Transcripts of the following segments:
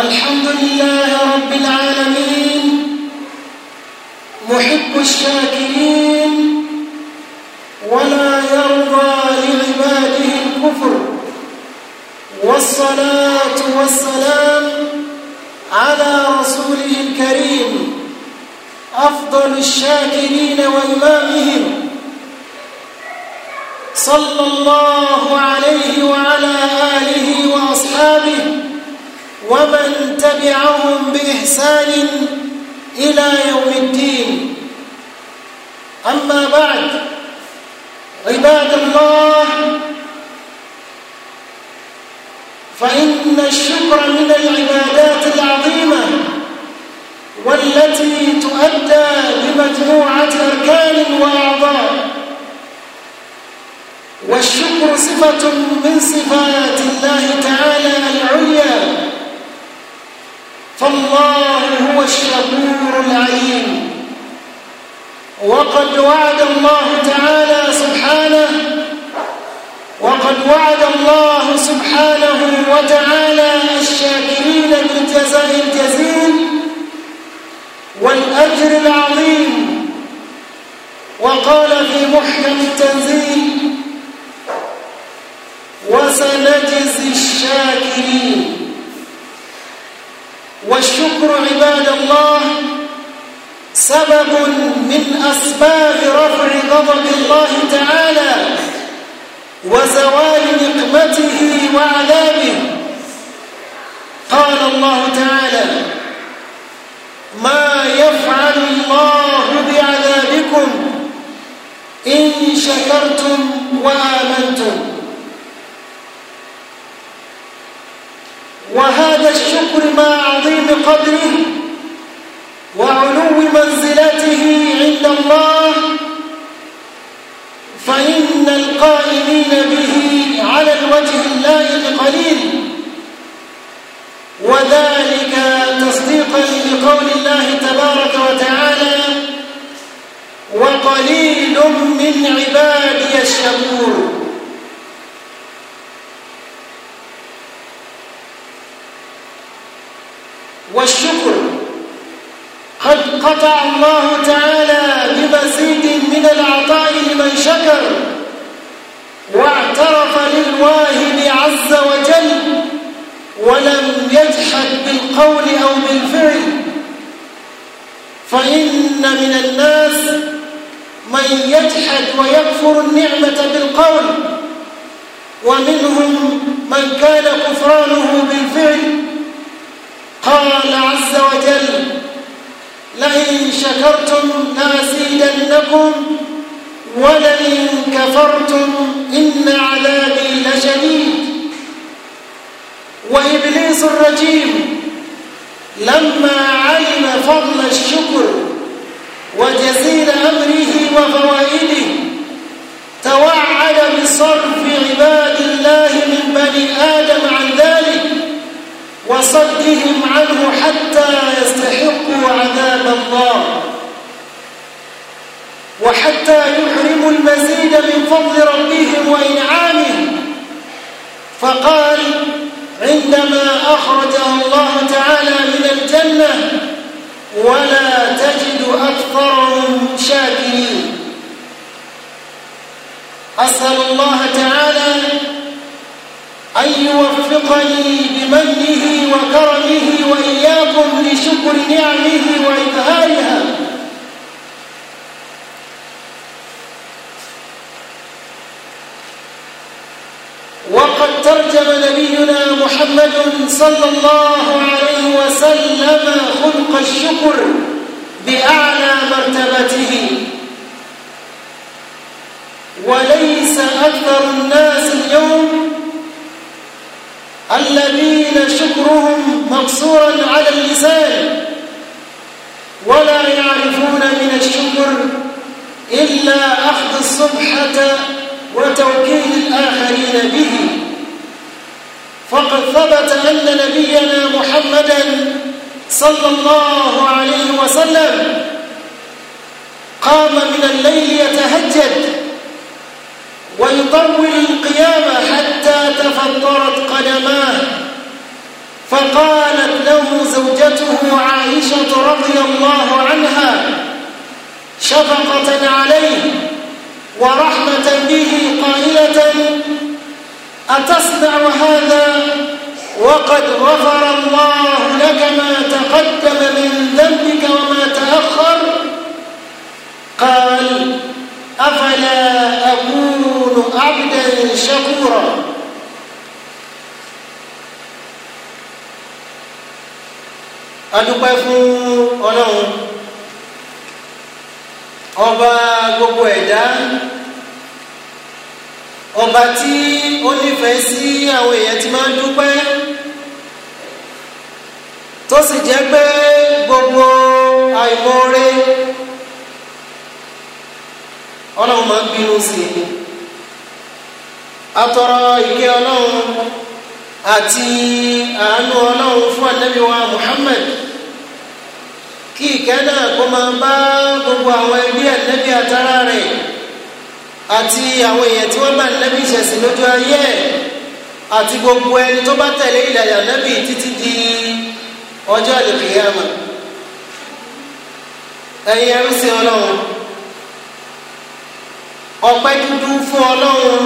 الحمد لله رب العالمين محب الشاكرين ولا يرضى لعباده الكفر والصلاة والسلام على رسوله الكريم أفضل الشاكرين وإمامهم صلى الله عليه وعلى آله وأصحابه ومن تبعهم بإحسان إلى يوم الدين أما بعد عباد الله فإن الشكر من العبادات العظيمة والتي تؤدى بمجموعة أركان وأعضاء والشكر صفة من صفات الله تعالى العليا فالله هو الشكور العليم وقد وعد الله تعالى سبحانه وقد وعد الله سبحانه وتعالى الشاكرين بالجزاء الجزيل والأجر العظيم وقال في محكم التنزيل وسنجزي الشاكرين والشكر عباد الله سبب من أسباب رفع غضب الله تعالى وزوال نقمته وعذابه قال الله تعالى ما يفعل الله بعذابكم إن شكرتم وآمنتم وهذا الشكر ما عظيم قدره وعلو منزلته عند الله فإن القائمين به على الوجه اللائق قليل وذلك تصديقا لقول الله تبارك وتعالى وقليل من عبادي الشكور والشكر قد قطع الله تعالى بمزيد من العطاء لمن شكر واعترف للواهب عز وجل ولم يجحد بالقول أو بالفعل فإن من الناس من يجحد ويكفر النعمة بالقول ومنهم من كان كفرانه عز وجل لئن شكرتم لأزيدنكم ولئن كفرتم إن عذابي لشديد وإبليس الرجيم لما علم فضل الشكر وجزيل أمره وفوائده توعد بصرف عباد الله من بني آدم عن وصدهم عنه حتى يستحقوا عذاب الله وحتى يحرموا المزيد من فضل ربهم وإنعامه فقال عندما أخرجه الله تعالى من الجنة ولا تجد أكثرهم شاكرين أسأل الله تعالى أن يوفقني بمنه وكرمه وإياكم لشكر نعمه وإظهارها وقد ترجم نبينا محمد صلى الله عليه وسلم خلق الشكر بأعلى مرتبته وليس أكثر الناس اليوم الذين شكرهم مقصورا على اللسان ولا يعرفون من الشكر إلا أخذ الصبحة وتوكيل الآخرين به فقد ثبت أن نبينا محمدا صلى الله عليه وسلم قام من الليل يتهجد ويطول القيامة حتى القدمان فقالت له زوجته عائشة رضي الله عنها شفقة عليه ورحمة به قائلة أتصنع هذا وقد غفر الله لك ما تقدم من ذنبك وما تأخر قال أفلا أكون عبدا شكورا adúpẹ́ fún ọlọ́run ọba gbogbo ẹ̀dá ọba tí ó nífẹ̀ẹ́ sí àwọn èèyàn ti máa ń dúpẹ́ tó sì jẹ́ pé gbogbo àìmọ́re ọlọ́run máa ń bínú sí i atọrọ ìkẹ́ ọlọ́run àti àánú ọlọ́run fún ànábì wa Muhammad. kí ìkẹ́ náà kó máa bá gbogbo àwọn ẹbí ànábì àtàrà rẹ̀ àti àwọn èèyàn tí wọ́n bá ànábì ìṣẹ̀sìn lójú ayé ẹ̀ àti gbogbo ẹni tó bá tẹ̀lé ìlànà ànábì títí di ọjọ́ àlùkìyàmà ẹ̀yin ẹrú sí ọlọ́run ọpẹ́ dúdú fún ọlọ́run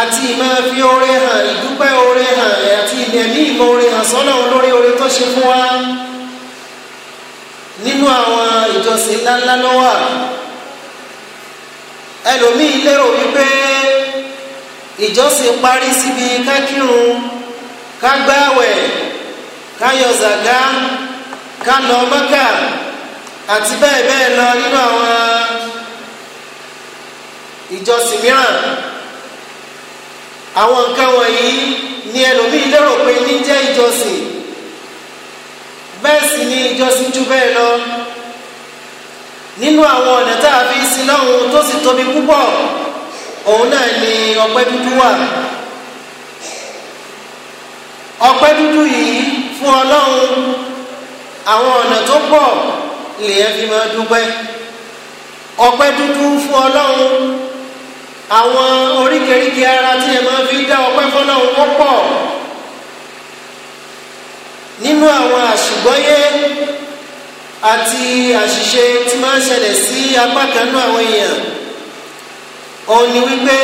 àti ìmáa fi oore hàn ìdúpẹ́ oore hàn àti ìdẹ̀mí ìmọ̀ oore hàn sọ́lọ́run lórí oore tó ṣe fún wa nínú àwọn ìjọsìn ńláńlá ló wà ẹlòmíì lérò wípé ìjọsìn parí síbi ká kírun ká gbáwẹ̀ ká yọ zàgá ká lọ Mẹ́kà àti bẹ́ẹ̀ bẹ́ẹ̀ lọ nínú àwọn ìjọsìn mìíràn àwọn nǹkan wọ̀nyí ni ẹlòmíì lérò pé ní jẹ́ ìjọsìn bẹ́ẹ̀ sì ni ìjọsìn jù bẹ́ẹ̀ lọ nínú àwọn ọ̀nà tá a fi sin lọ́hùn tó sì tóbi púpọ̀ òun náà ni ọpẹ́ dúdú wà ọpẹ́ dúdú yìí fún ọlọ́run àwọn ọ̀nà tó pọ̀ lèyẹn fi máa dúpẹ́ ọpẹ́ dúdú fún ọlọ́run àwọn oríkèéríkèé ara tí ẹ máa fi dá ọpẹ́ fọlọ́run ó pọ̀ nínú àwọn àṣùgbọ́yé àti àṣìṣe tí máa ń ṣẹlẹ̀ sí apá kan náà àwọn èèyàn òun ni wípé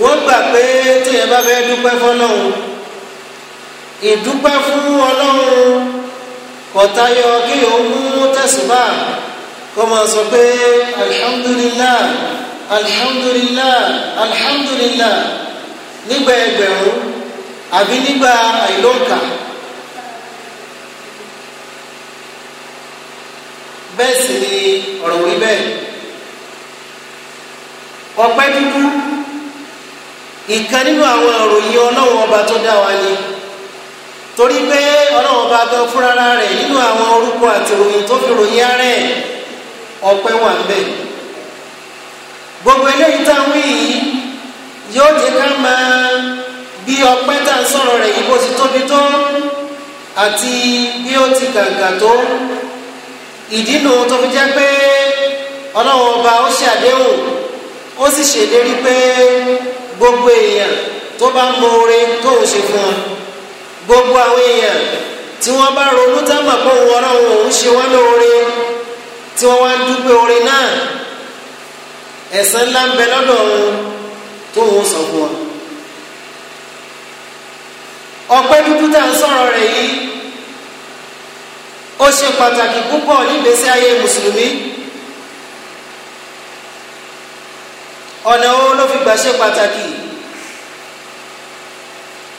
wọ́n gbà pé téèyàn bá fẹ́ dúpẹ́ fọlọ́run ìdúpẹ́ fún ọlọ́run kọ̀tayọ kí òun tẹ̀sùbà kó máa sọ pé alihamudulilá alihamudulilá alihamudulilá nígbà ẹgbẹ̀rún àbí nígbà àìlóǹkà. bẹ́ẹ̀ sì ni ọ̀rọ̀ orí bẹ́ẹ̀ ọpẹ́ dúdú ìkan nínú àwọn ìròyìn ọlọ́wọ́ ọba tó dá wa ni torí pé ọlọ́wọ́ ọba gan fúnra rẹ̀ nínú àwọn orúkọ àti ìròyìn tó fi ròyìn ara ẹ̀ ọpẹ́ wà ń bẹ gbogbo eléyìí tá a wí yìí yóò jẹ́ ká máa bí ọpẹ́ tá a sọ̀rọ̀ rẹ̀ yìí bó ti tóbi tó àti bí ó ti gàgà tó ìdínú tó fi jẹ́ pé ọlọ́run ọba ó ṣe àdéhùn ó sì ṣèlérí pé gbogbo èèyàn tó bá mọ oore tó ń ṣe fún ọ gbogbo àwọn èèyàn tí wọ́n bá ronú táwọn pé òun ọlọ́run òun ṣe wọ́n lóore tí wọ́n wá ń dúpẹ́ oore náà ńlá ń bẹ lọ́dọ̀ sọ fún ọ. ọpẹ́ dúdú tá ń sọ̀rọ̀ ó ṣe pàtàkì púpọ̀ nígbésí ayé mùsùlùmí ọ̀nà wo ló fi gbà ṣe pàtàkì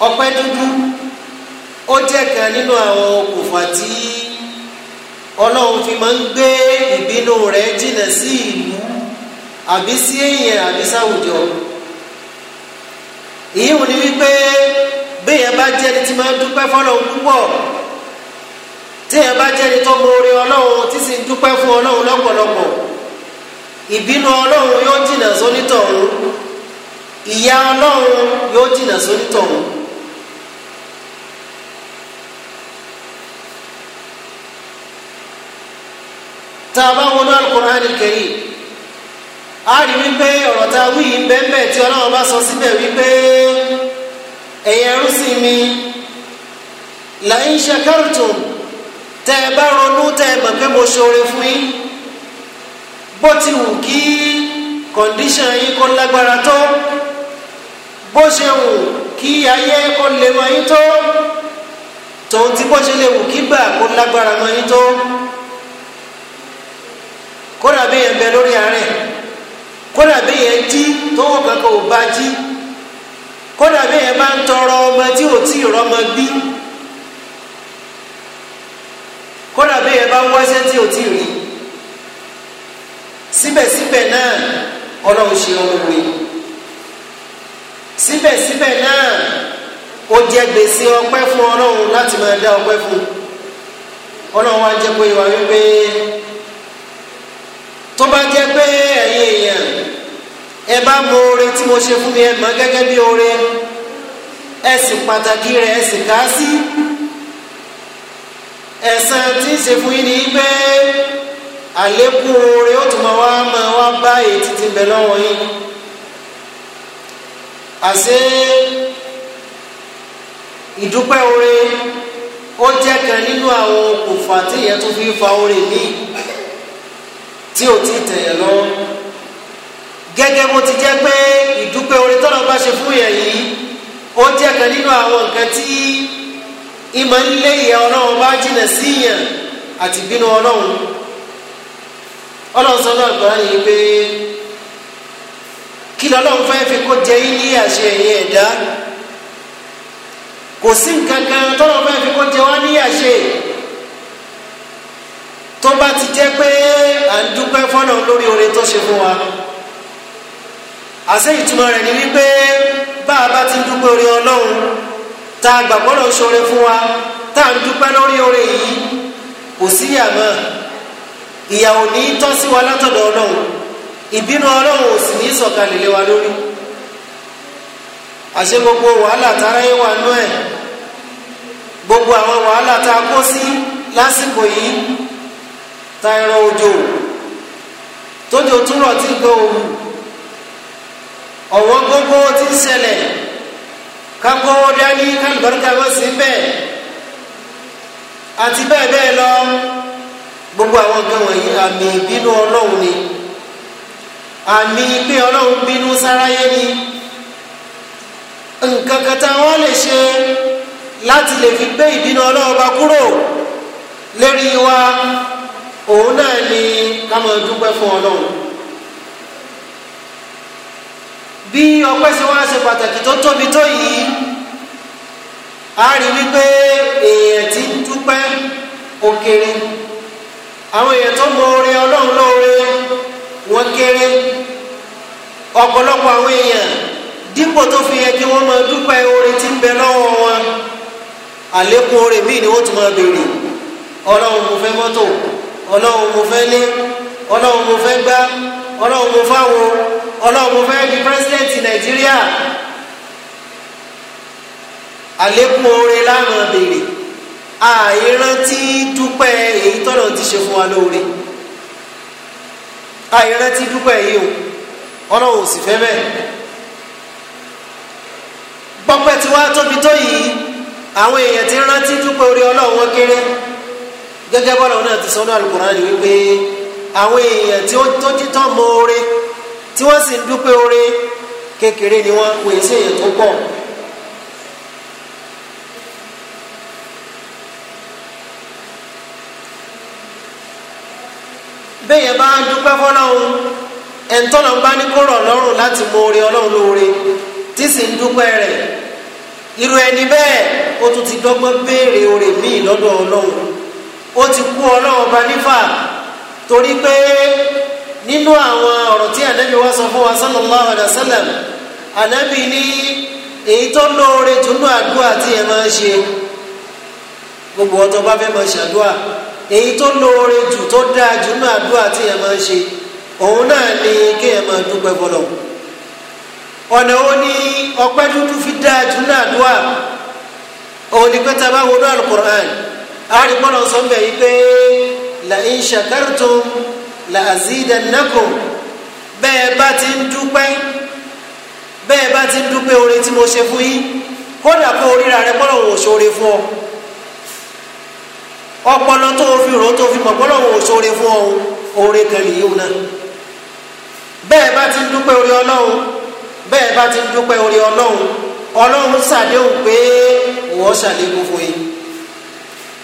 ọ̀pẹ dúdú ó jẹ́ kan nínú àwọn okùnfà tí ọlọ́run fi máa ń gbé ìbínú rẹ̀ jìnnà sí ìlú àbí sí èèyàn àbí sáwùjọ ìyíwò ni wípé béèyàn bá jẹ́ ẹni tí máa ń dúpẹ́ fọlọ́run púpọ̀ téèyàn bá jẹ́ni tó mọ̀ọ́rẹ́ ọlọ́run tí sì ń dúpẹ́ fún ọlọ́run lọ́pọ̀lọpọ̀ ìbínú ọlọ́run yóò jìnà sónítọ̀hún ìyà ọlọ́run yóò jìnà sónítọ̀hún. tá a bá wọnú Al-Qur'an al-Karim rí wípé ọ̀rọ̀ tá wí yìí bẹ́ẹ̀ tí ọlọ́run bá sọ síbẹ̀ wípé ẹ̀yẹ ẹrú sí mi la in shakartum tẹ́ ẹ bá ronú tẹ́ ẹ mọ̀ pé mo ṣoore fún yín bó ti wù kí kọ̀ǹdíṣàn yín kó lágbára tó bó ṣe wù kí ayé kó lè mọ yín tó tòun ti bó ṣe lè wù kí gbà kó lágbára mọ yín tó kódà bí yẹn bẹ lórí àárẹ̀ kódà bí yẹn jí tó wọ́n kankan ò bá jí kódà bí yẹn bá ń tọrọ ọmọ tí ò tí ì rọ́mọ bí kódà bí ẹ bá ń wáṣẹ́ tí o ti rí síbẹ̀síbẹ̀ náà ọlọ́run ṣe ohun rè síbẹ̀síbẹ̀ náà ó jẹ gbèsè ọpẹ́ fún ọlọ́run láti máa dá ọpẹ́ fún ọlọ́run wá jẹ́ pé wà wípé tó bá jẹ́ pé ẹ̀yin èèyàn ẹ bá mọ oore tí mo ṣe fún mi ẹ mọ̀ gẹ́gẹ́ bí oore ẹ sì pàtàkì rẹ̀ ẹ sì kà sí. Si ẹ̀san tí ń ṣe fún yín ni pé àlékún oore ó tún máa wá máa wá bá èyí títí bẹ lọ́wọ́ yín àṣé ìdúpẹ́ oore ó jẹ́ kan nínú àwọn okùnfà tí ìyẹn tún fi fa oore míì tí ò tí tẹ̀yẹ̀ lọ́wọ́ gẹ́gẹ́ bó ti jẹ́ pé ìdúpẹ́ oore tọ́lọ́ bá ṣe fún yẹn yìí ó jẹ́ kan nínú àwọn nǹkan tí ìmọ̀ ń lé ìyẹn ọlọ́run bá jìnà sí yàn àti bínú ọlọ́run ọlọ́run sọ́nà àgbọ̀rán yìí pé kí lọ́lọ́run fẹ́ fi kó jẹ yín ní àṣẹ ẹ̀yìn ẹ̀dá kò sí nǹkan kan tọ́lọ́ fẹ́ fi kó jẹ wá ní àṣẹ tó bá ti jẹ́ pé à ń dúpẹ́ fọ́nà lórí oore tó ṣe fún wa àṣẹ ìtumọ̀ rẹ̀ ni wípé bá a bá ti dúpẹ́ oore ọlọ́run tá a gbàgbọ́ lọ ṣoore fún wa tá a ń dúpẹ́ lórí oore yìí kò sí yàmọ́ ìyàwó ní tọ́ sí wa látọ̀dọ̀ ọlọ́run ìbínú ọlọ́run ò sì ní sọ̀kalẹ̀ lé wa lórí àṣẹ gbogbo wàhálà tára yín wà nú ẹ̀ gbogbo àwọn wàhálà tá a kó sí lásìkò yìí ta ẹran òjò tójò túnrọ̀ tí gbòòrò ọ̀wọ́n gbogbo ti ń ṣẹlẹ̀ ká kówó dání ká lùbáríkà wọ́n sí bẹ́ẹ̀ àti bẹ́ẹ̀ bẹ́ẹ̀ lọ gbogbo àwọn nǹkan wọ̀nyí àmì ìbínú ọlọ́run ni àmì pé ọlọ́run bínú sáráyé ni nǹkan kan tá wọ́n lè ṣe láti lè fi gbé ìbínú ọlọ́run bá kúrò lérí wa òun náà ni ká máa dúpẹ́ fún ọlọ́run. bí ọpẹ́ sí wá ṣe pàtàkì tó tóbi tó a rí wípé èèyàn ti dúpẹ́ òkèrè àwọn èèyàn tó mọ ọlọ́run wọn kéré ọ̀pọ̀lọpọ̀ àwọn èèyàn dípò tó fi yẹ kí wọ́n máa dúpẹ́ oore tí ń bẹ lọ́wọ́ wọn àlékún míì ni wọ́n tún máa béèrè ọlọ́run mo fẹ́ mọ́tò ọlọ́run mo fẹ́ lé ọlọ́run mo fẹ́ gbá ọlọ́run mo fẹ́ di president nàìjíríà àlékún oore lánàá béèrè àìrántí dúpẹ́ èyí tọ́nà ti ṣe fún wa lóore àìrántí dúpẹ́ yìí o ọlọ́run ò sì fẹ́ bẹ́ẹ̀ pọ́pẹ́ tí wàá tóbi tó yìí àwọn èèyàn ti rántí dúpẹ́ orí ọlọ́run wọn kéré gẹ́gẹ́ bọ́lá òun náà ti sọ ní al wípé àwọn èèyàn tí ó tó títọ́ mọ́ oore tí wọ́n sì ń dúpẹ́ oore kékeré ni wọ́n wòye sí èyí tó pọ̀. bẹ́ẹ̀ yẹn bá dúpẹ́ fọlọ́run ẹ̀ńtọ́nà bá ní kó rọ̀ lọ́rùn láti mọ oore ọlọ́run lóore tí sì ń dúpẹ́ rẹ̀ irú ẹni bẹ́ẹ̀ ó tún ti dọ́gbọ́n béèrè oore míì lọ́dọ̀ ọlọ́run ó ti kú ọlọ́run bá nífà torí pé nínú àwọn ọ̀rọ̀ tí ànábì wa sọ fún wa sallallahu alayhi wa sallam ànábì ní èyí tó lóore tó nú àdúrà tí ẹ máa ń ṣe gbogbo ọtọ bá fẹ́ máa ṣàdúrà èyí tó lóore jù tó dáa jù nú àdúrà tí ẹ máa ń ṣe òun náà ni kí ẹ máa dúpẹ́ bọ́lọ̀ ọ̀nà wo ni ọpẹ́ dúdú fi dáa jù àdúrà òun ni pé bá wo alukur'an a sọ́nbẹ̀ yìí pé la in làzídẹ̀nẹ́kùn bẹ́ẹ̀ bá ti ń dúpẹ́ bẹ́ẹ̀ bá ti ń dúpẹ́ oore tí mo ṣe fún yín kódà kó oríra rẹ gbọ́dọ̀ wò sóore fún ọ ọpọlọ tó o fi rò tó o fi mọ̀ gbọ́dọ̀ wò sóore fún ọ oore kẹlẹ̀ yìí náà bẹ́ẹ̀ bá ti ń dúpẹ́ orí ọlọ́run bẹ́ẹ̀ bá ti ń dúpẹ́ orí ọlọ́run ọlọ́run ṣàdéhùn pé wọ́n ṣàlékún fún yín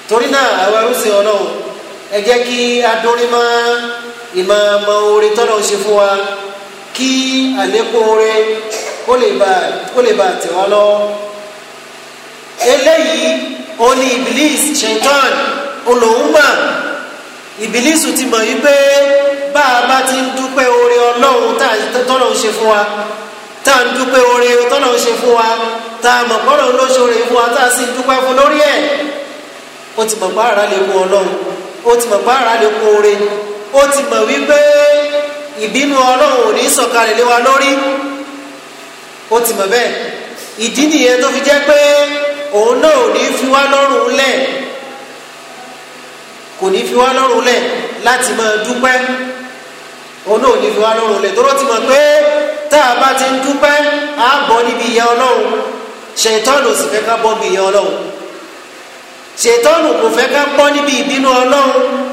torí náà àwọn ẹrú ọlọ́run ẹ jẹ́ kí adórí ìmọ̀ ọmọ orí tọ́lọ̀ ń ṣe fún wa kí àlékún orí kó lè bá kó lè bá tẹ̀ wá lọ. eléyìí ó ní ibilis shaitan olóńgbà ibilis ti mọ̀ yí pé bá a bá ti ń dúpẹ́ orí ọlọ́run tọ́lọ̀ ń ṣe fún wa tá a ń dúpẹ́ orí tọ́lọ̀ ń ṣe fún wa tá a mọ̀ pọ́lọ̀ ń lóṣoore fún wa tá a sì ń dúpẹ́ fún lórí ẹ̀ ó ti mọ̀ pé lè kú ọlọ́run ó ti mọ̀ pé lè kú orí ó ti mọ̀ wípé ìbínú ọlọ́run ò ní sọ̀kalẹ̀ lé wa lórí ó ti mọ̀ bẹ́ẹ̀ ìdí nìyẹn tó fi jẹ́ pé òun náà ò ní fi wá lọ́rùn lẹ̀ kò ní fi wá lọ́rùn lẹ̀ láti máa dúpẹ́ òun náà ò ní fi wá lọ́rùn lẹ̀ tó rántí mọ̀ pé tá a bá ti ń dúpẹ́ á bọ́ níbi ìyà ọlọ́run ṣètọ́nù sì fẹ́ ká bọ́ níbi ìyà ọlọ́run ṣètọ́nù kò fẹ́ ká bọ́ níbi ìbínú ọlọ́run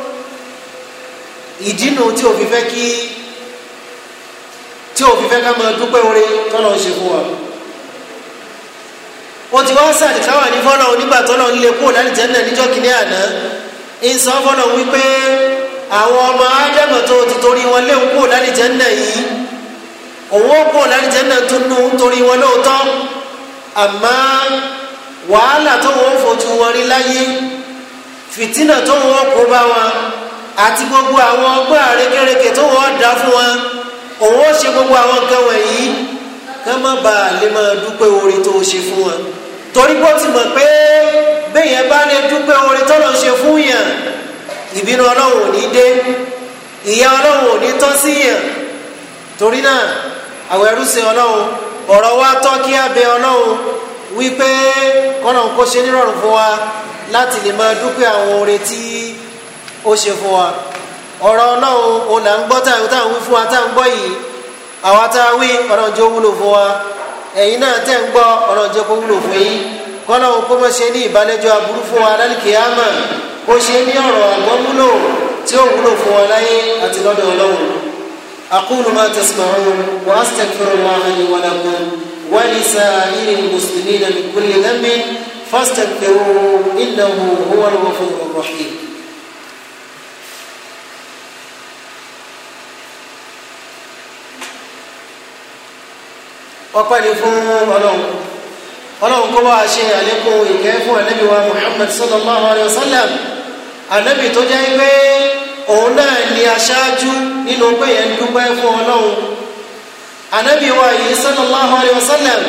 ìdínú tí o fi fẹ́ kí tí o fi fẹ́ ká máa dúpẹ́ oore tọ́lọ̀ ń ṣe fún wa o ti wá sàdì káwà ní fọ́lọ́ onígbà tọ́lọ̀ ń lé kúrò láti jẹ́nà níjọ́ kìíní àná ń sọ fọ́lọ́ wípé àwọn ọmọ ádámọ̀ tó ti torí wọn léwu kúrò láti jẹ́nà yìí òun ó kúrò láti jẹ́nà tó nu torí wọn lóòótọ́ àmọ́ wàhálà tó wọ́n fojú wọn rí láyé fìtínà tó wọ́n kó bá wọn àti gbogbo àwọn ọgbọ́n àrékérekè tó wọ́n dá fún wọn òun ó ṣe gbogbo àwọn nǹkan wọ̀nyí ká má bàa lè máa dúpẹ́ oore tó o ṣe fún wọn torí bó ti mọ̀ pé béèyàn bá lè dúpẹ́ oore tó lọ ṣe fún yàn ìbínú ọlọ́run ò ní dé ìyà ọlọ́run ò ní tọ́ sí yàn torí náà àwọn ẹrú ọlọ́run ọ̀rọ̀ wa tọ́ kí á bẹ ọlọ́run wípé kọ́nà kó ṣe nírọ̀rùn fún wa láti lè máa dúpẹ́ àwọn oore tí ó ṣe fún wa ọ̀rọ̀ ọlọ́run ò là ń gbọ́ táwọn táwọn wí fún wa táwọn gbọ́ yìí àwa táwọn wí ọ̀rọ̀ jẹ́ wúlò fún wa ẹ̀yin náà tẹ̀ ń gbọ́ ọ̀rọ̀ jẹ́ kó wúlò fún yín kọ́lọ́run kó mọ̀ ṣe ní ìbálẹ́jọ́ aburú fún wa lálùkìyámà ó ṣe ní ọ̀rọ̀ àgbọ́múlò tí ó wúlò fún wa láyé àti lọ́dọ̀ ọlọ́run aqulu ma tasma'un wa astaghfirullaha li wa lakum ọpẹ́ ni fún ọlọ́run ọlọ́run kó bá a ṣe àlékún ìkẹ́ fún ànábì wa muhammad sallallahu alayhi wa sallam ànábì tó jẹ́ pé òun náà ni aṣáájú nínú pé yẹn dúpẹ́ fún ọlọ́run ànábì wa yìí sallallahu alayhi wa sallam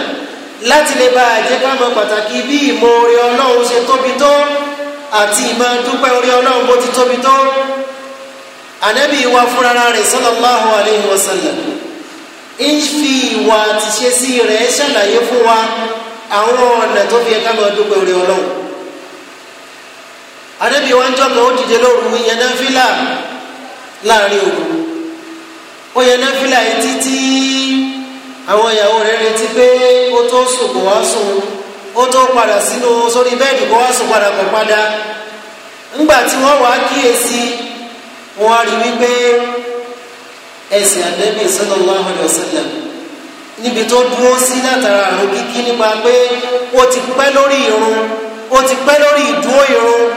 láti lè bá a jẹ́ pàtàkì bí ìmọ̀ orí ọlọ́run ṣe tóbi tó àti ìmọ̀ dúpẹ́ orí ọlọ́run bó ti tóbi tó ànábì wa fúnra rẹ̀ sallallahu alayhi wa sallam. ìfi ìwà rẹ̀ ṣàlàyé fún wa àwọn ọ̀nà tó fi ẹ̀ka máa dúpẹ́ orí ọlọ́run wa ń jọ́kàn ó dìde lóru ìyẹn náà fílà láàrin òru ó yẹn náà fílà yìí títí àwọn ìyàwó rẹ̀ retí pé ó tó sùn wá sùn ó tó padà sínú sórí bẹ́ẹ̀dì kó wá sùn padà kó padà ńgbà tí ẹ̀sìn àdẹ́bì sallallahu alaihi wasallam níbi tó dúró sí látara àrùn kíkí nípa pé ó ti pẹ́ lórí irun ó ti pẹ́ lórí ìdúró irun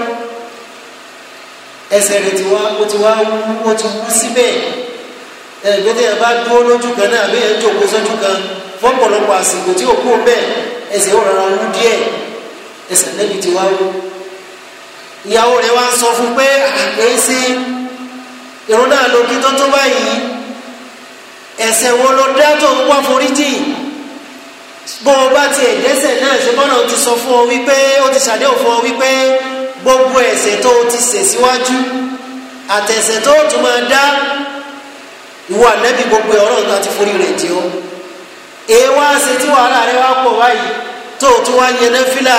ẹsẹ̀ rẹ̀ ti wá ó ti wá wú ó ti wú síbẹ̀ ẹ̀ẹ́dẹ́gbẹ́tẹ́ yẹn bá dúró lójú kan náà àbí yẹn jókòó sójú kan fọ́pọ̀lọpọ̀ àsìkò tí òkú bẹ́ẹ̀ ẹsẹ̀ ó rọra wú díẹ̀ ẹsẹ̀ lẹ́bi ti wá wú ìyàwó rẹ̀ wá sọ fún pé àkẹ́sí irun náà lókítọ́ tó báyìí ẹ̀ṣẹ̀ wo lo dá tó ń wá foríjì bó o bá tiẹ̀ dẹ́ṣẹ̀ náà ṣe bọ́nà ti sọ fún ọ wípé ó ti ṣàdéhùn fún ọ wípé gbogbo ẹ̀ṣẹ̀ tó o ti ṣẹ̀ síwájú àtẹ̀ṣẹ̀ tó o tún máa dá ìwọ ànábì gbogbo ọ̀rọ̀ tó a ti forí rẹ̀ jẹ́ o èé wá ṣe tí wàhálà rẹ wá pọ̀ báyìí tó o tún wá yẹn náà fílà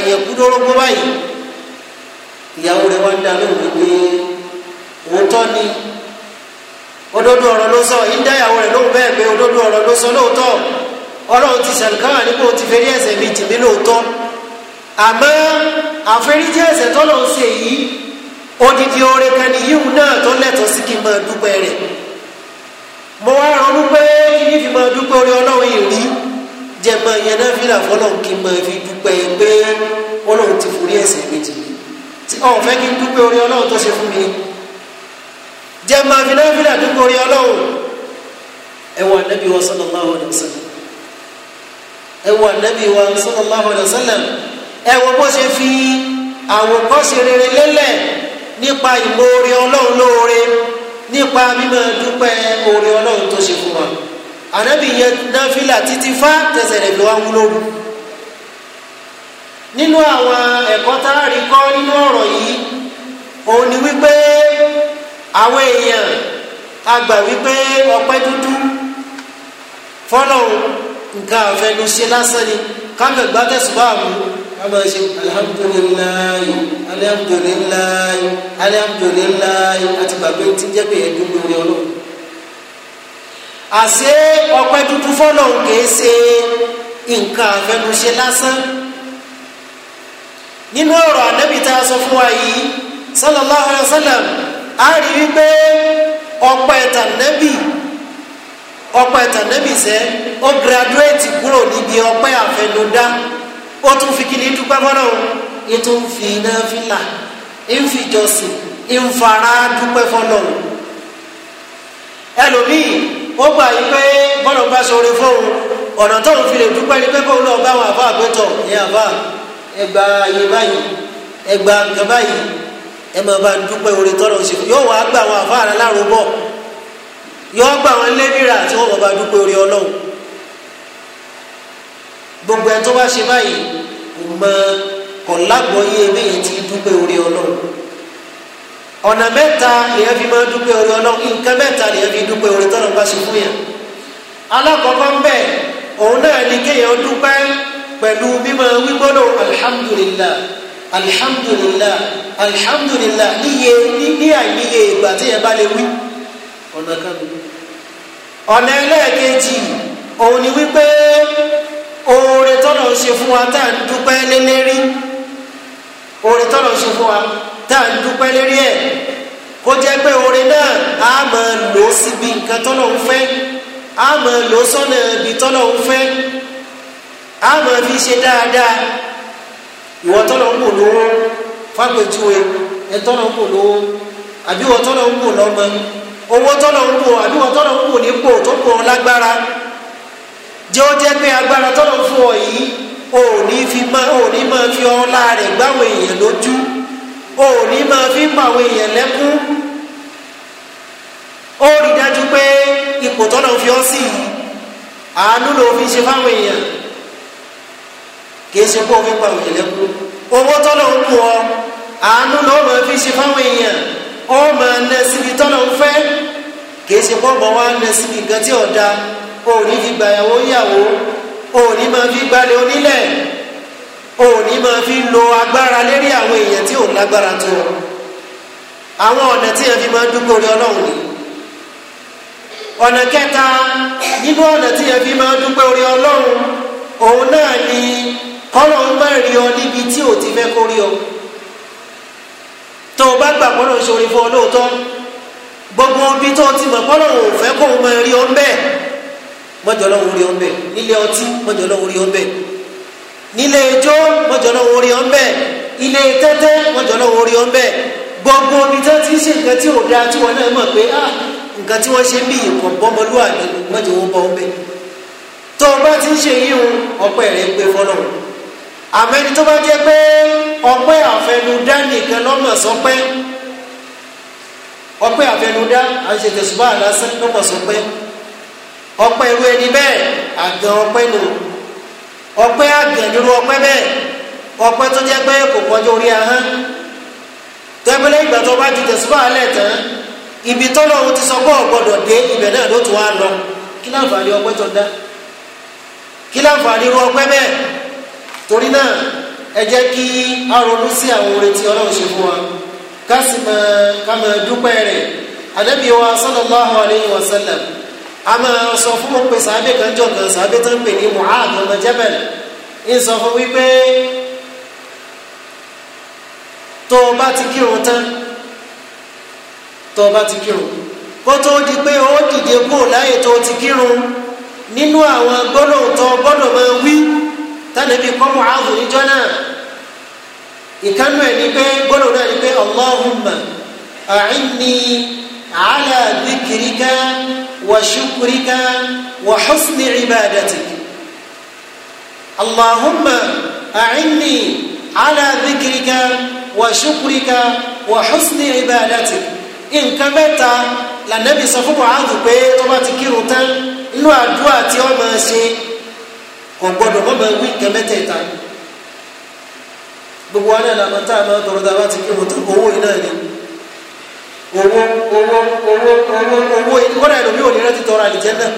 àyẹ̀kú dórógbó báyìí ìyàwó rẹ wá ń dá lóhùn wípé òótọ́ ni òdodo ọ̀rọ̀ ló sọ ìdáyàwó rẹ̀ lóhùn bẹ́ẹ̀ pé òdodo ọ̀rọ̀ ló sọ lóòótọ́ ọlọ́run ti ṣàlùkáwà nípò ti fẹ́rí ẹ̀ṣẹ̀ mi jì mí lóòótọ́ àmọ́ àfẹ́ríjì ẹ̀ṣẹ̀ tọ́lọ̀ ń ṣe yìí odidi oore kan ni yíwù náà tó lẹ́tọ̀ọ́ sí kí n máa dúpẹ́ rẹ̀ mo wá ronú pé kí n fi máa dúpẹ́ orí ọlọ́run yìí rí jẹ́ yẹn náà fi là fọlọ́ kí n máa fi dúpẹ́ pé ọlọ́run ti forí ẹ̀ṣẹ̀ mi jì mí ọ̀fẹ́ kí n dúpẹ́ orí ọlọ́run tó ṣe fún mi jẹ́ máa fi náfìlà tó gorí ọlọ́run ẹ wà nábì wa sallallahu alayhi wa sallam ẹ wà wa sallallahu alayhi wa sallam ẹ wọ bó ṣe fi àwòkọ́ṣe rere lélẹ̀ nípa ìmoore ọlọ́run lóore nípa mímọ dúpẹ́ oore ọlọ́run tó ṣe fún wa ànábì yẹn náfìlà títí fá tẹsẹ̀ rẹ̀ ló wá wú nínú àwọn ẹ̀kọ́ tá a rí kọ́ nínú ọ̀rọ̀ yìí òun ni wípé àwọn èèyàn a gbà wípé ọpẹ́ dúdú fọlọ́ nǹkan àfẹnusẹ lásán ni kámi ẹgbà tẹsùbà mú kámi ṣe alihamudulilayi alihamudulilayi alihamudulilayi àti bàbá tí ń jẹ́ pé ẹ̀dùn lórí ọlọ́run. àṣé ọpẹ́ dúdú fọlọ́ kìí ṣe nǹkan àfẹnusẹ lásán nínú ọ̀rọ̀ ànábìtà sọ fún wa yìí sallallahu alayhi wa a rí wípé ọ̀pọ̀ ẹ̀tànẹ́bì ọ̀pọ̀ ẹ̀tànẹ́bì kúrò níbi ọpẹ́ tún fi dúpẹ́ o ètò ń fi iná fìlà ń fi jọsìn ń fara dúpẹ́ o ẹlòmíì ó gbà yí pé bá sọ̀rọ̀ fóun ọ̀nà tóun fi dúpẹ́ ni pé kóun bá wọn àbá àgbẹ̀tọ̀ àbá ẹgbàá báyìí ẹgbàá ẹ máa bá ń dúpẹ́ orí tọ́lọ̀ ń ṣe yóò wá gba àwọn àfáàrà lárúbọ̀ yóò gba àwọn lẹ́bìrà tí wọ́n máa bá dúpẹ́ orí ọlọ́run gbogbo ẹ tó bá ṣe báyìí kò mọ kọ̀lágbọ̀yé eléyìí ti dúpẹ́ orí ọlọ́run ọ̀nà mẹ́ta lèyẹn fi máa dúpẹ́ orí ọlọ́run nǹkan mẹ́ta lèyẹn fi dúpẹ́ orí tọ́lọ̀ ń bá ṣe fún yẹn alákọ̀ọ́kọ́ ń bẹ̀ òun náà ni kéèyàn dúpẹ́ pẹ̀lú mímọ wígbọ́dọ̀ alhamdulillah alihamdulilah alihamdulilah níye ní àìníye ìgbà tí yẹn bá lè wí ọ̀nà kan ló ọ̀nà ẹlẹ́ẹ̀kejì òun ni wípé oore tọ́lọ̀ ń ṣe fún wa tá à ń dúpẹ́ lélẹ́rí oore tọ́lọ̀ ń ṣe fún wa tá à ń dúpẹ́ lérí ẹ̀ kó jẹ́ pé oore náà á máa lò ó síbi nǹkan tọ́lọ̀ ń fẹ́ á máa lò ó sọ́nà ibi tọ́lọ̀ ń fẹ́ á máa fi ṣe dáadáa ìwọ tọ́lọ̀ ń wò lówó fápẹ́júwe ẹ tọ́lọ̀ ń wò lówó àbí ìwọ tọ́lọ̀ ń wò lọ́mọ owó tọ́lọ̀ ń wò àbí ìwọ tọ́lọ̀ ń wò nípò tó pò ọ́ lágbára jẹ́ ó jẹ́ pé agbára tọ́lọ̀ ń fún ọ yìí o ò ní fi má o ò ní máa fi ọlá rẹ̀ gbáwọn èèyàn lójú o ò ní máa fi ń pàwọn èèyàn lẹ́kún ó rí dájú pé ipò tọ́lọ̀ ń fi ọ sí yìí àánú ló fi ṣe fáwọn èèyàn kì í ṣe kó o fi pa òkèlè kú owó tọ́lọ̀ ń kú ọ àánú ló máa fi ṣe fáwọn èèyàn ó máa nẹ síbi tọ́lọ̀ ń fẹ́ kì í ṣe kó ọmọ wa nẹ síbi nǹkan tí ọ̀dà o ò ní fi gbàyàwó yàwó o ò ní máa fi gbalẹ̀ onílẹ̀ o ò ní máa fi lo agbára lérí àwọn èèyàn tí ò lágbára tó àwọn ọ̀nà tí yẹn fi máa dúpọ̀ rí ọlọ́run ni ọ̀nà kẹta nínú ọ̀nà tí yẹn fi máa dúpọ̀ rí ọlọ́run òun náà ni kọ́lọ̀ ń bá rí ọ níbi tí ò ti fẹ́ kó rí ọ tó o bá gbà kọ́lọ̀ ń fún ọ lóòótọ́ gbogbo ibi tó o ti mọ̀ kọ́lọ̀ ò fẹ́ kó o mọ rí ọ bẹ́ẹ̀ mọ́jọ́ lọ́wọ́ rí ọ bẹ́ẹ̀ nílé ọtí mọ́jọ́ lọ́wọ́ rí ọ bẹ́ẹ̀ nílé ijó mọ́jọ́ lọ́wọ́ rí ọ bẹ́ẹ̀ ilé tẹ́tẹ́ mọ́jọ́ lọ́wọ́ rí ọ bẹ́ẹ̀ gbogbo ibi tó ti ṣe nǹkan tí ò dáa tí wọn náà mọ̀ pé ah, àmẹ́ni tó bá jẹ́ pé ọpẹ́ àfẹnudá nìkan lọ́nà sọpẹ́ ọpẹ́ àfẹnudá àṣetẹ̀sùbá àlásán lọ́nà sọpẹ́ ọpẹ́ irú ẹni bẹ́ẹ̀ àgàn ọpẹ́ nù ọpẹ́ àgàn irú ọpẹ́ bẹ́ẹ̀ ọpẹ́ tó jẹ́ pé kò kọjá orí ahọ́n tẹ́gbẹ́lẹ́ ìgbà tó bá ju tẹ̀sùbá alẹ́ tán ibi tọ́lọ́ ohun ti sọ pé ọ̀gbọ́dọ̀ dé ibẹ̀ náà ló tún wá lọ kí láǹfààní ọpẹ́ tó dá kí láǹfààní irú ọpẹ́ bẹ́ẹ̀ torí náà ẹ jẹ́ kí a ronú sí àwọn oore ọlọ́run ṣe fún wa ká sì máa ká máa dúpẹ́ rẹ̀ wa sallallahu wa a máa sọ fún wọn pé kan jọ̀ kan sàábẹ̀ tó ń pè ní ọmọ ń sọ fún o bá ti kírun tán tó o bá ti kírun kó tó di pé o dìde tó o ti kírun nínú àwọn gbólóhùn tó o gbọ́dọ̀ máa tánàbí kọ́ Mu'adh níjọ́ náà ìkánú ẹ̀ ní pé gbọ́dọ̀ náà ní pé Allahumma a'inni ala dhikrika wa shukrika wa husni ibadatika Allahumma a'inni ala dhikrika wa shukrika wa husni ibadatika nǹkan mẹ́ta lànàbí sọ fún Mu'adh pé tó bá ti kírun tán nínú àdúrà tí ó máa ṣe kò gbọdọ̀ mọ́ máa wí nǹkan mẹ́tẹ̀ẹ̀ta gbogbo wa náà làwọn tá a máa tọrọ tá a bá ti kí wọn tán owó yìí náà ni owó owó owó owó owó kọ́dà ẹlòmíì ò ní rántí tọrọ àlìjẹ́ náà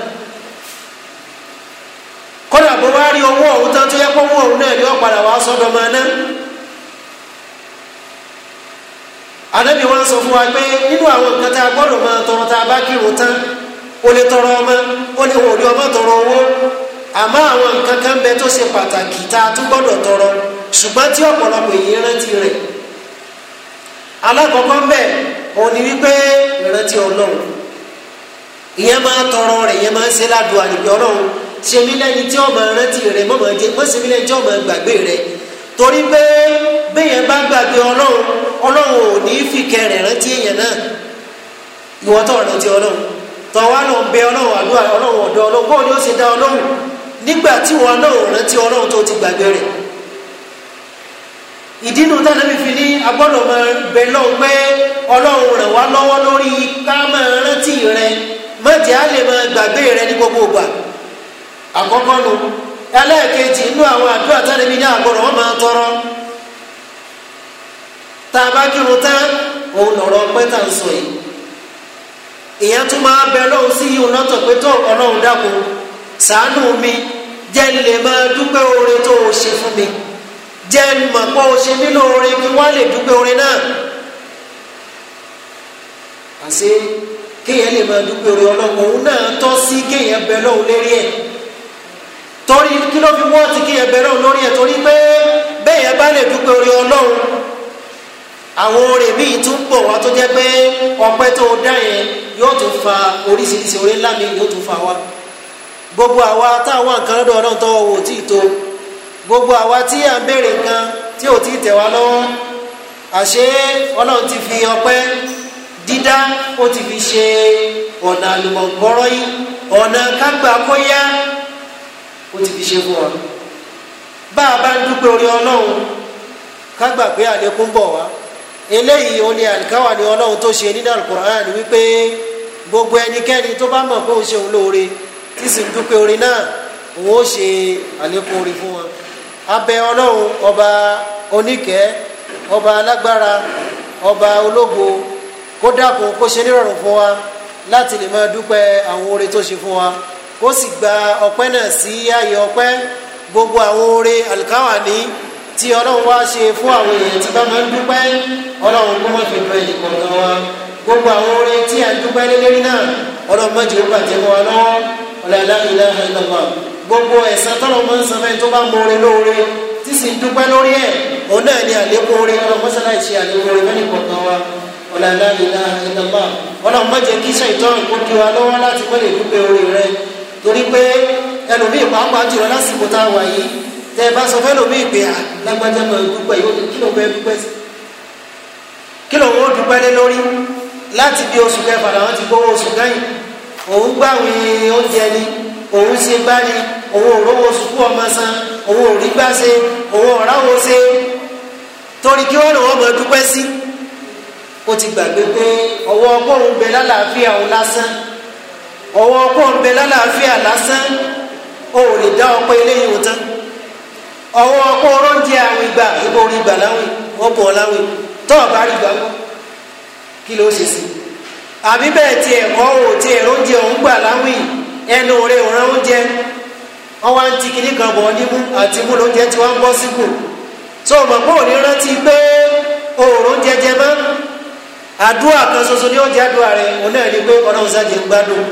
kọ́dà bó bá rí owó ọ̀hún tán tó yẹ kó owó ọ̀hún náà ni wọ́n padà sọ́dọ̀ máa ná. ànábì wọn sọ fún wa pé nínú àwọn nǹkan tá a gbọ́dọ̀ máa tọrọ tá a bá kírun tán ó lè tọrọ ọmọ ó lè wò ní ọmọ tọrọ owó àmọ́ àwọn nǹkan kan bẹ tó ṣe pàtàkì tá a tún gbọ́dọ̀ tọrọ ṣùgbọ́n tí ọ̀pọ̀lọpọ̀ èyí rántí rẹ̀ alákọ̀ọ́kọ́ ń bẹ̀ òun ni wípé ìrántí ọlọ́run ìyẹn máa tọrọ rẹ̀ ìyẹn máa ń ṣe ládùn àlùbí ọlọ́run ṣe mí lẹ́ni tí ọmọ rántí rẹ̀ mọ́ máa jẹ ṣe mí lẹ́ni tí ọmọ gbàgbé rẹ̀ torí pé béèyàn bá gbàgbé ọlọ́run ọlọ́run ò ní fìkẹ́ rẹ̀ rántí nígbà tí wọn náà rántí ọlọ́run tó ti gbàgbé rẹ̀ ìdínú tẹ́lẹ̀ mi fi ní agbọ́dọ̀ máa bẹ lọ́wọ́ pé ọlọ́run rẹ̀ wá lọ́wọ́ lórí ká máa rántí rẹ mọ̀jẹ̀ á lè máa gbàgbé rẹ ní gbogbo ìgbà àkọ́kọ́ nu ẹlẹ́ẹ̀kejì inú àwọn àdúrà ní agbọ́dọ̀ wọ́n máa tọrọ tá a bá kírun tán òun lọ̀rọ̀ pẹ́ ń ṣàánú mi jẹ́ ń lè máa dúpẹ́ oore tó o ṣe fún mi jẹ́ ń mọ̀ pé o ṣe nínú oore kí wọ́n lè dúpẹ́ oore náà àṣé kéèyàn lè máa dúpẹ́ oore ọlọ́run òun náà tọ́ sí kéèyàn bẹ lọ́hùn lérí ẹ̀ torí kí ló fi wọ́n ti kéèyàn bẹ lọ́hùn lórí ẹ̀ torí pé bẹ́ẹ̀ yẹn bá lè dúpẹ́ oore ọlọ́run àwọn oore míì tún pọ̀ wá tó jẹ́ pé ọpẹ́ tó dá yẹn yóò tún fa oríṣiríṣi oore ńlá mi yóò tún fa wá gbogbo àwa táwọn nǹkan lọ́dọ̀ ọlọ́run tọ́wọ́ wò tí ì tó gbogbo àwa tí à ń béèrè nǹkan tí ò tí ì tẹ̀ wá lọ́wọ́ àṣé ọlọ́run ti fi ọpẹ́ dídá ó ti fi ṣe ọ̀nà àlùmọ̀gbọ́rọ́ yìí ọ̀nà kágbà kóyá ó ti fi ṣe fún wa bá a bá ń dúpẹ́ orí ọlọ́run kágbà pé àlékún bọ̀ wá eléyìí ó ní àlìkáwà ní ọlọ́run tó ṣe nínú àlùkùránì wípé gbogbo ẹnikẹ́ni tó bá mọ̀ pé òun ṣe òun lóore tí sì ń dúpẹ́ orin náà òun ó ṣe àlékún orin fún wọn abẹ ọlọ́run ọba oníkẹ́ ọba alágbára ọba ológo kó dákun kó ṣe nírọ̀rùn fún wa láti lè máa dúpẹ́ àwọn oore tó ṣe fún wa kó sì gba ọpẹ́ náà sí ààyè ọpẹ́ gbogbo àwọn oore àlùkáwà ní tí ọlọ́run wá ṣe fún àwọn èèyàn tí bá máa ń dúpẹ́ ọlọ́run kó má fi lọ ẹ̀yìn kọ̀ọ̀kan wa gbogbo àwọn oore tí à dúpẹ́ lélẹ́rí náà ọlọ́run má jẹ́ ó bàjẹ́ mọ́ wa lọ́wọ́ la ilaha illallah gbogbo ẹ̀sán tọ́lọ̀ máa ń tó bá mọ̀ọ́rẹ́ lóore tí sì ń dúpẹ́ lórí ẹ̀ òun náà ni àlékún oore ọlọ́mọṣálá ìṣe àlékún oore mẹ́rin kọ̀ọ̀kan wa la ilaha illallah jẹ́ kí ṣètọ́n kó kí wa lọ́wọ́ láti pẹ́ lè dúpẹ́ oore rẹ torí pé ẹlòmíì pàápàá jùlọ lásìkò tá a wà yìí tẹ ẹ bá sọ fẹ́ lòmíì pé ah, lágbájá máa dúpẹ́ dúpẹ́ sí kí òun gbàwé oúnjẹ ni òun ṣe bá ní òun òrówó sùkú ọmọ san òun òrí gbà ṣe òun ọ̀ráwó ṣe torí kí wọ́n lè wọ́n mọ̀ dúpẹ́ sí ó ti gbàgbé pé ọwọ́ ọgọ́rùn-ún bẹ lálàáfíà òun lásán ọwọ́ ọgọ́rùn-ún bẹ lálàáfíà lásán ó lè dá ọpẹ́ eléyìí wò tán ọwọ́ ọpẹ́ oróúnjẹ àwìn gbà ìbò orí gbà láwìn wọ́n bọ̀ kí ló ṣe sí i àbí bẹ́ẹ̀ tí ẹ̀kọ́ ò tí ẹ̀rọ òun gbà láwìn ẹnu rẹ̀ òun oúnjẹ wọ́n wá ń ti kinní kan bọ̀ nímú àti mú lóúnjẹ tí wọ́n bọ́ síbò tó o mọ̀ pé òní rántí pé òòrùn jẹjẹ mọ́ àdúrà kan ṣoṣo ní oúnjẹ àdúrà rẹ̀ òun náà ní pé ọ̀nà òsàjì ń gbádùn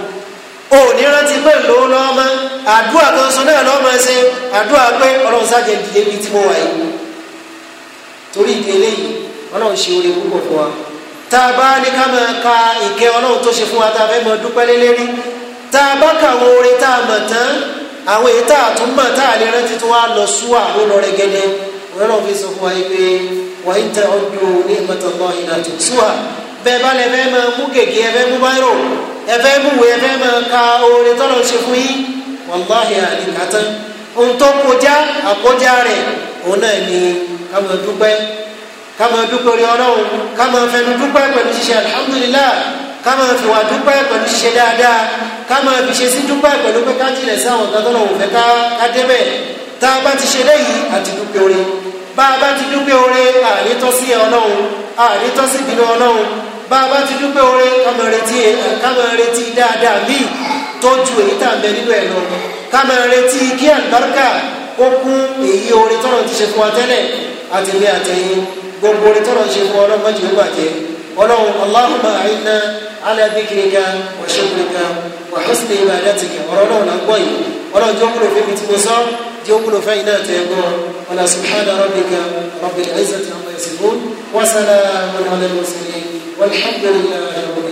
òní rántí pé lòó lọ́ọ́ mọ́ àdúrà kan ṣoṣo náà lọ́ọ́ mọ́ ṣe àdúrà pé ọ̀nà òsàjì ń dìde bíi tí mo wà yìí torí ìdí eléyìí ọ̀nà òṣèré púpọ̀ fún wa tá a bá ní ká máa ka ìkẹ́ ọlọ́run tó ṣe fún wa tá a fẹ́ mọ dúpẹ́ lélẹ́rí tá a bá kàwọn oore tá a mọ̀ tán àwọn èyí tá a tún mọ̀ tá a lè rántí tó wá lọ sú àwọn lọ rẹ gẹ́gẹ́ ọlọ́run fi sọ fún wa pé wà á tẹ ọdún ní ìmọ̀tàn lọ ìrìnàjò sú wa bẹ́ẹ̀ bá lẹ fẹ́ máa mú gègé ẹ fẹ́ mú báyọ̀ ẹ fẹ́ mú wẹ̀ ẹ fẹ́ máa ka oore tọ́lọ̀ ṣe fún yín wàláhì àdìgàtàn ohun tó kọjá àkọjá rẹ̀ òun náà ni káwọn dúpẹ́ ká máa dúpẹ́ orí ọlọ́run ká máa fẹnu dúpẹ́ pẹ̀lú ṣíṣe alhamdulillah ká máa fi wà dúpẹ́ pẹ̀lú ṣíṣe dáadáa ká máa fi ṣe sí dúpẹ́ pẹ̀lú pé ká jìnlẹ̀ sáwọn kan tó lọ́wọ́ fẹ́ ká débẹ̀ tá a bá ti ṣe léyìí àti dúpẹ́ orí bá a bá ti dúpẹ́ orí àlétọ́ sí ọlọ́run àlétọ́ sí ìbínú ọlọ́run bá a bá ti dúpẹ́ orí ká máa retí ká máa retí dáadáa míì tó ju èyí tá à ń bẹ nínú ẹ̀ lọ ká retí kí àlùbáríkà ó kún èyí orí tọ́lọ̀ ti ṣe fún wa tẹ́lẹ̀ àtẹ̀lé àtẹ̀yìn gbogbo ní tọ́lọ̀ ṣe fún ọlọ́run mọ́jú bàjẹ́ ọlọ́run Allahumma a'inna ala dhikrika wa shukrika wa husni ibadatika ọ̀rọ̀ náà là ń gbọ́ yìí ọlọ́run jẹ́ òkúlò fún mi tí mo sọ jẹ́ òkúlò fún iná tẹ̀ gbọ́ ọ̀là subhana rabbika rabbil izzati amma yasifun wa salamun ala al-mursalin walhamdulillahi rabbil